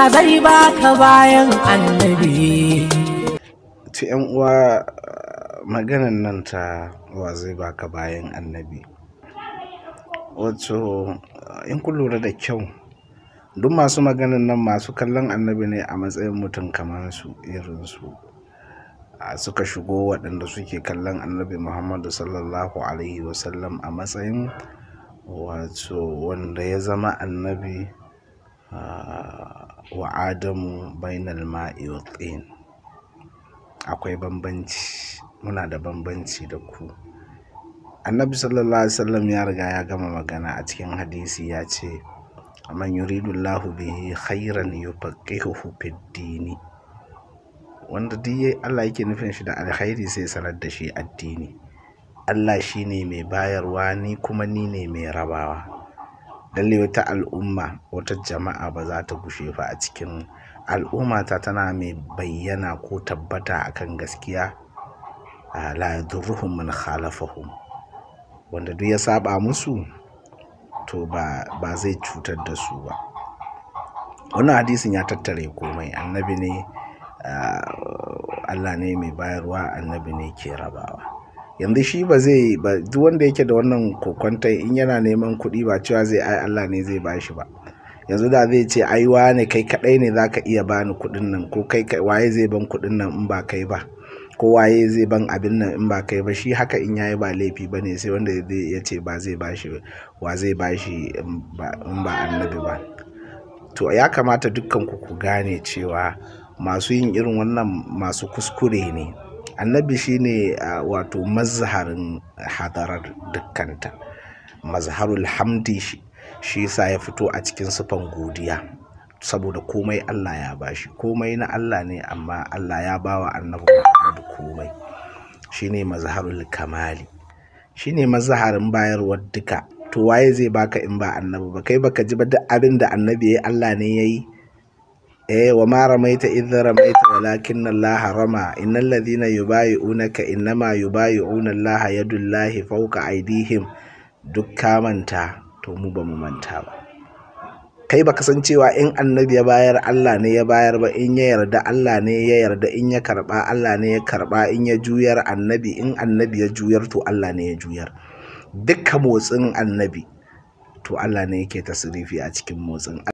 Allah zai baka bayan annabi. Ta ‘yan uwa maganan nan ta wa zai baka bayan annabi. Wato, in ku lura da kyau, duk masu maganan nan masu kallon annabi ne a matsayin mutum kamar su irin irinsu. suka shigo waɗanda suke kallon annabi Muhammadu sallallahu Alaihi wasallam a matsayin wato wanda ya zama annabi Ah, wa adamu bainal ma'i wa tsin akwai bambanci muna da bambanci da ku annabi sallallahu alaihi wasallam ya riga ya gama magana a cikin hadisi ya ce man yuridu Allahu bihi khairan yufaqihuhu fid dini wanda duk Allah yake nufin shi da alkhairi sai sanar da shi addini Allah shine mai bayarwa ni kuma ni ne mai rabawa lalle wata al'umma wata jama'a ba za ta gushe fa a cikin al'umma ta tana mai bayyana ko tabbata a kan gaskiya ah, la yadurruhum man khalafahum wanda duk ya saba musu to ba ba zai cutar da su ba wannan hadisin ya tattare komai annabi ne ah, Allah ne mai bayarwa annabi ne ke rabawa yanzu shi ba zai ba duk wanda yake da wannan kokonta in yana neman kuɗi ba cewa zai ai Allah ne zai ba shi ba yanzu da zai ce ai wane kai kadai ne zaka iya bani kuɗin nan ko kai waye zai ban kuɗin nan in ba kai ba ko waye zai ban abin nan in ba kai ba shi haka in yayi ba laifi ba ne sai wanda ya ce ba zai ba shi wa zai ba in ba annabi ba to ya kamata dukkan ku ku gane cewa masu yin irin wannan masu kuskure ne annabi shine wato mazharin hadarar dukkanta mazharul hamdi shi sa ya fito a cikin sufan godiya saboda komai Allah ya bashi komai na Allah ne amma Allah ya bawa annabi Muhammad komai shine mazharul kamali shine mazharin bayarwar duka to waye zai baka in ba annabi ba kai baka ji ba duk abin da annabi yi Allah ne ya yi. eh wa ma ramaita idza ramaita walakin Allah rama innal ladhina yubayi'unaka innama yubayi'una Allah yadullahi fawqa aydihim duk ka manta to mu ba mu manta ba kai baka san cewa in annabi ya bayar Allah ne ya bayar ba in ya yarda Allah ne ya yarda in ya karba Allah ne ya karba in ya juyar annabi in annabi ya juyar to Allah ne ya juyar dukkan motsin annabi to Allah ne yake tasrifi a cikin motsin